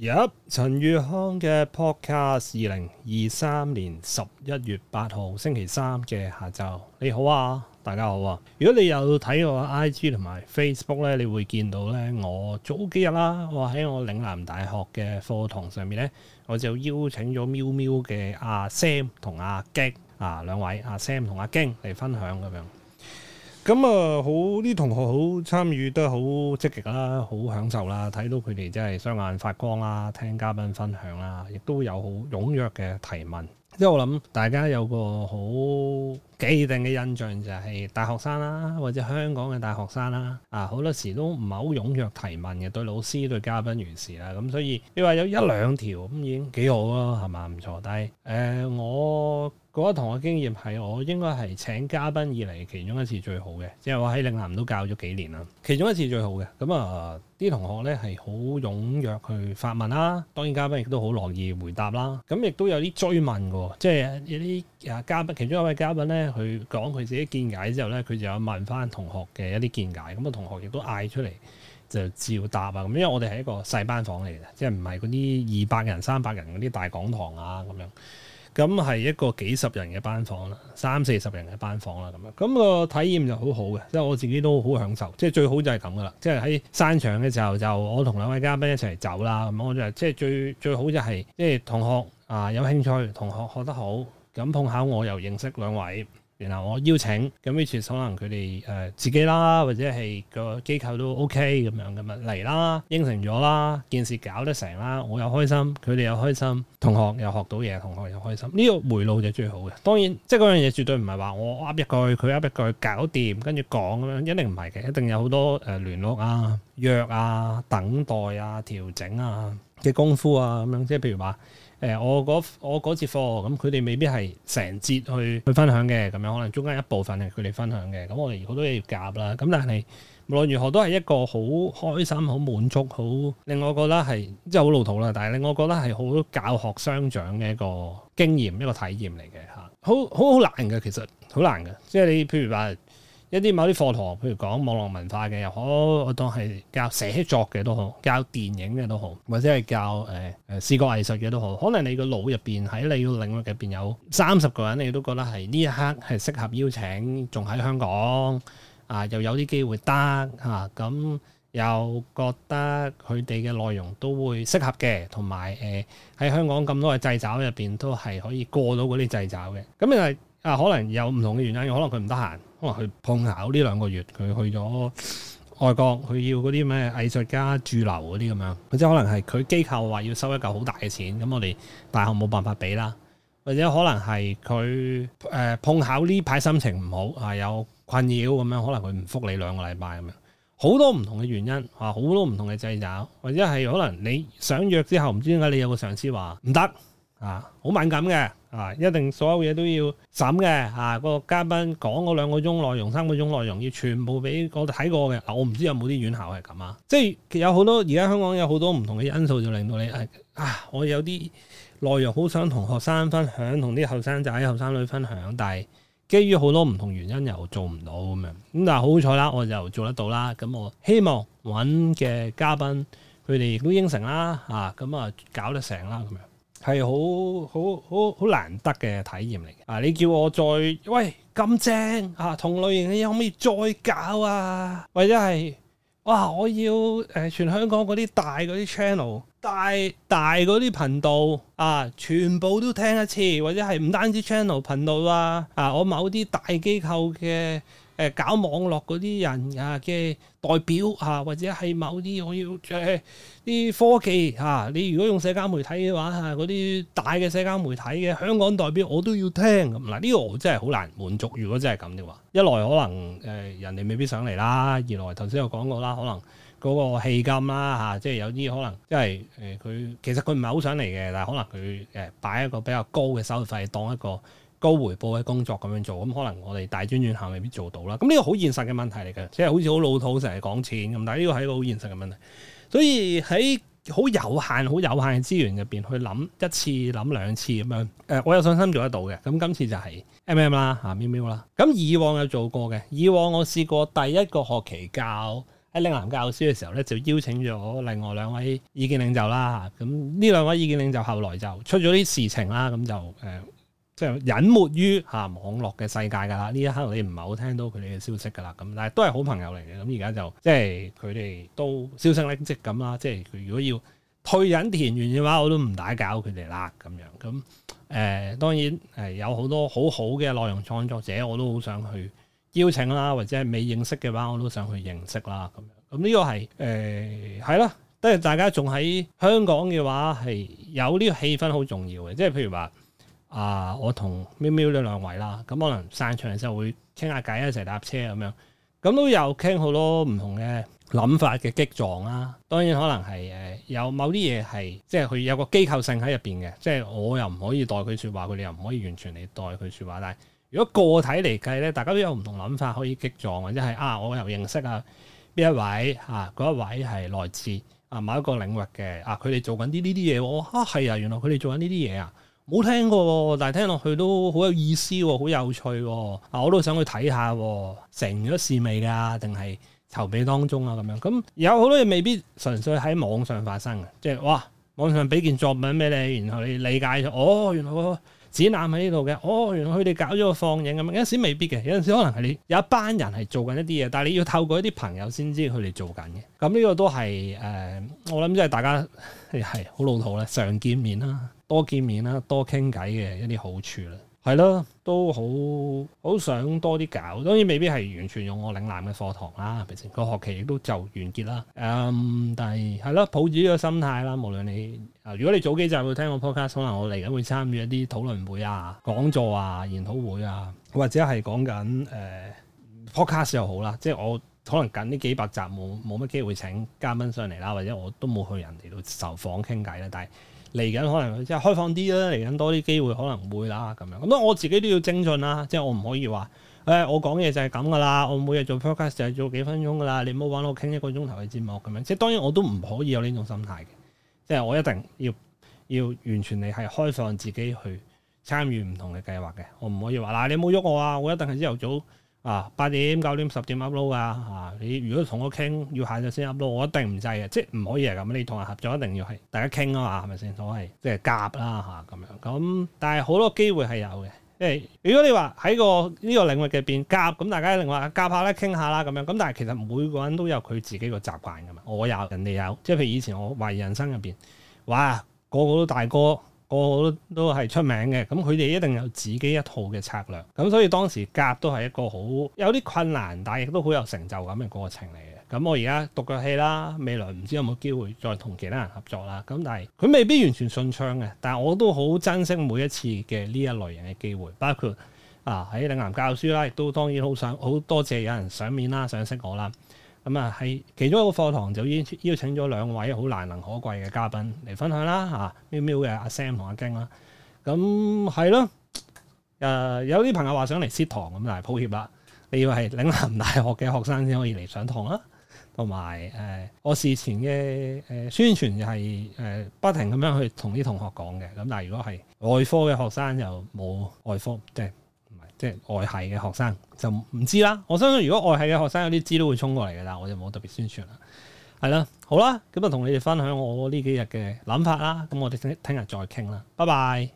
入陳宇康嘅 podcast，二零二三年十一月八號星期三嘅下晝，你好啊，大家好啊！如果你有睇我 IG 同埋 Facebook 咧，你會見到咧，我早幾日啦，我喺我嶺南大學嘅課堂上面咧，我就邀請咗喵喵嘅阿 Sam 同阿京啊，兩位阿 Sam 同阿京嚟分享咁樣。咁啊、嗯，好啲同學好參與，都好積極啦，好享受啦，睇到佢哋真係雙眼發光啦，聽嘉賓分享啦，亦都有好踴躍嘅提問。即係我諗大家有個好既定嘅印象就係大學生啦，或者香港嘅大學生啦，啊好多時都唔係好踴躍提問嘅對老師對嘉賓完事啦。咁、嗯、所以你話有一兩條咁已經幾好咯，係嘛唔錯。但係誒、呃、我。同學經驗係我應該係請嘉賓以嚟其中一次最好嘅，即係我喺嶺南都教咗幾年啦，其中一次最好嘅。咁啊，啲同學咧係好踴躍去發問啦，當然嘉賓亦都好樂意回答啦。咁亦都有啲追問嘅，即係有啲啊嘉賓，其中一位嘉賓咧，佢講佢自己見解之後咧，佢就有問翻同學嘅一啲見解。咁啊，同學亦都嗌出嚟就照答啊。咁因為我哋係一個細班房嚟嘅，即係唔係嗰啲二百人、三百人嗰啲大講堂啊咁樣。咁係一個幾十人嘅班房啦，三四十人嘅班房啦，咁樣咁個體驗就好好嘅。即係我自己都好享受，即係最好就係咁噶啦，即係喺散場嘅時候就我同兩位嘉賓一齊走啦，咁我就即係最最好就係即係同學啊，有興趣，同學學得好，咁碰巧我又認識兩位。然後我邀請，咁於是可能佢哋誒自己啦，或者係個機構都 OK 咁樣咁啊嚟啦，應承咗啦，件事搞得成啦，我又開心，佢哋又開心，同學又學到嘢，同學又開心，呢個回路就最好嘅。當然，即係嗰樣嘢絕對唔係話我噏一句，佢噏一句搞掂，跟住講咁樣，一定唔係嘅，一定有好多誒聯絡啊、約啊、等待啊、調整啊嘅功夫啊，咁樣即係譬如話，誒我嗰我嗰節課，咁佢哋未必係成節去去分享嘅，咁樣可能中間一部分係佢哋分享嘅，咁我哋好多嘢要夾啦。咁但係無論如何都係一個好開心、好滿足、好令我覺得係即係好老土啦，但係令我覺得係好多教學相長嘅一個經驗、一個體驗嚟嘅嚇。好好好難嘅，其實好難嘅，即係你譬如話。一啲某啲課堂，譬如講網絡文化嘅，又可我當係教寫作嘅都好，教電影嘅都好，或者係教誒誒、呃、視覺藝術嘅都好。可能你個腦入邊喺你個領域入邊有三十個人，你都覺得係呢一刻係適合邀請，仲喺香港啊，又有啲機會得嚇。咁、啊、又覺得佢哋嘅內容都會適合嘅，同埋誒喺香港咁多嘅制裁入邊都係可以過到嗰啲制裁嘅。咁你係啊，可能有唔同嘅原因，可能佢唔得閒。可能佢碰巧呢兩個月佢去咗外國，佢要嗰啲咩藝術家駐留嗰啲咁樣，或者可能係佢機構話要收一嚿好大嘅錢，咁我哋大學冇辦法俾啦，或者可能係佢誒碰巧呢排心情唔好，係有困擾咁樣，可能佢唔覆你兩個禮拜咁樣，好多唔同嘅原因，啊好多唔同嘅掣肘，或者係可能你想約之後唔知點解你有個上司話唔得啊，好敏感嘅。啊！一定所有嘢都要審嘅。啊，個嘉賓講嗰兩個鐘內容、三個鐘內容，要全部俾我睇過嘅。我唔知有冇啲院校係咁啊？即係有好多而家香港有好多唔同嘅因素，就令到你啊，我有啲內容好想同學生分享，同啲後生仔、後生女分享，但係基於好多唔同原因又做唔到咁樣。咁、嗯、但係好彩啦，我就做得到啦。咁我希望揾嘅嘉賓，佢哋都應承啦。啊，咁啊，搞得成啦咁樣。係好好好好難得嘅體驗嚟嘅，啊！你叫我再喂咁正啊，同類型嘅嘢可唔可以再搞啊？或者係哇，我要誒、呃、全香港嗰啲大嗰啲 channel。大大嗰啲頻道啊，全部都聽一次，或者係唔單止 channel 頻道啦，啊，我某啲大機構嘅誒、呃、搞網絡嗰啲人啊嘅代表啊，或者係某啲我要誒啲科技嚇、啊，你如果用社交媒體嘅話嚇，嗰、啊、啲大嘅社交媒體嘅香港代表我都要聽。咁嗱，呢、啊這個我真係好難滿足。如果真係咁嘅話，一來可能誒、呃、人哋未必上嚟啦，二來頭先有講過啦，可能。嗰個氣金啦嚇，即係有啲可能，即係誒佢其實佢唔係好想嚟嘅，但係可能佢誒擺一個比較高嘅手續費，當一個高回報嘅工作咁樣做，咁可能我哋大專院校未必做到啦。咁呢個好現實嘅問題嚟嘅，即係好似好老土成日講錢咁，但係呢個係一個好現實嘅問題。所以喺好有限、好有限嘅資源入邊去諗一次、諗兩次咁樣，誒、呃，我有信心做得到嘅。咁今次就係 M M 啦，嚇、啊、喵，喵喵啦。咁以往有做過嘅，以往我試過第一個學期教。喺嶺南教書嘅時候咧，就邀請咗我另外兩位意見領袖啦。咁呢兩位意見領袖後來就出咗啲事情啦，咁就誒、呃，即係隱沒於吓網絡嘅世界噶啦。呢一刻你唔係好聽到佢哋嘅消息噶啦。咁但係都係好朋友嚟嘅。咁而家就即係佢哋都銷聲匿跡咁啦。即係佢如果要退隱田園嘅話，我都唔打攪佢哋啦。咁樣咁誒、呃，當然誒、呃、有好多好好嘅內容創作者，我都好想去。邀請啦，或者係未認識嘅話，我都想去認識啦。咁咁呢個係誒係咯，即係大家仲喺香港嘅話係有呢個氣氛好重要嘅。即係譬如話啊、呃，我同喵喵呢兩位啦，咁、嗯、可能散場嘅時候會傾下偈，一齊搭車咁樣，咁、嗯、都有傾好多唔同嘅諗法嘅激盪啦、啊。當然可能係誒有某啲嘢係即係佢有個機構性喺入邊嘅，即係我又唔可以代佢説話，佢哋又唔可以完全嚟代佢説話，但係，如果個體嚟計咧，大家都有唔同諗法可以激撞，或者係啊，我又認識啊邊一位嚇嗰、啊、一位係來自啊某一個領域嘅啊，佢哋做緊啲呢啲嘢，我、啊、係啊，原來佢哋做緊呢啲嘢啊，冇聽過，但係聽落去都好有意思喎，好有趣喎，啊我都想去睇下，啊、成咗事未㗎，定係籌備當中啊咁樣？咁有好多嘢未必純粹喺網上發生嘅，即係哇，網上俾件作品俾你，然後你理解咗，哦原來指南喺呢度嘅，哦，原來佢哋搞咗個放映咁，有陣時未必嘅，有陣時可能係你有一班人係做緊一啲嘢，但係你要透過一啲朋友先知佢哋做緊嘅，咁、嗯、呢、呢個都係誒、呃，我諗即係大家係好老土咧，常見面啦，多見面啦，多傾偈嘅一啲好處啦。係咯，都好好想多啲搞。當然未必係完全用我嶺南嘅課堂啦。成個學期亦都就完結啦。誒、嗯，但係係咯，抱住呢個心態啦。無論你、呃，如果你早幾集會聽我 podcast，可能我嚟緊會參與一啲討論會啊、講座啊、研討會啊，或者係講緊誒、呃、podcast 又好啦。即係我可能近呢幾百集冇冇乜機會請嘉賓上嚟啦，或者我都冇去人哋度受訪傾偈啦。但係。嚟緊可能即係開放啲啦，嚟緊多啲機會可能會啦咁樣。咁當然我自己都要精進啦、啊，即係我唔可以話誒、哎，我講嘢就係咁噶啦。我每日做 podcast 就係做幾分鐘噶啦，你唔好揾我傾一個鐘頭嘅節目咁樣。即係當然我都唔可以有呢種心態嘅，即係我一定要要完全你係開放自己去參與唔同嘅計劃嘅。我唔可以話嗱，你冇喐我啊，我一定係朝頭早。啊，八點、九點、十點 upload 噶嚇！你如果同我傾要合作先 upload，我一定唔制嘅，即係唔可以係咁。你同人合作一定要係大家傾啊嘛，係咪先？所謂即係夾啦嚇咁、啊、樣。咁但係好多機會係有嘅，因為如果你話喺個呢個領域入邊夾，咁大家另外夾下咧傾下啦咁樣。咁但係其實每個人都有佢自己個習慣噶嘛，我有，人哋有。即係譬如以前我懷疑人生入邊，哇，個個都大哥。個個都都係出名嘅，咁佢哋一定有自己一套嘅策略，咁所以當時夾都係一個好，有啲困難，但係亦都好有成就感嘅過程嚟嘅。咁我而家獨腳戲啦，未來唔知有冇機會再同其他人合作啦。咁但係佢未必完全順暢嘅，但係我都好珍惜每一次嘅呢一類型嘅機會，包括啊喺嶺南教書啦，亦都當然好想好多謝有人賞面啦、賞識我啦。咁啊，喺其中一個課堂就邀請邀請咗兩位好難能可貴嘅嘉賓嚟分享啦嚇、啊，喵喵嘅阿 Sam 同阿京啦、啊，咁、嗯、係咯。誒、呃、有啲朋友話想嚟試堂咁，但係抱歉啦，你要係嶺南大學嘅學生先可以嚟上堂啦、啊，同埋誒，我事前嘅誒宣傳係誒不停咁樣去同啲同學講嘅，咁但係如果係外科嘅學生又冇外科訂。即即係外系嘅學生就唔知啦。我相信如果外系嘅學生有啲知都會衝過嚟㗎啦。我就冇特別宣傳啦。係啦，好啦，咁就同你哋分享我呢幾日嘅諗法啦。咁我哋聽日再傾啦。拜拜。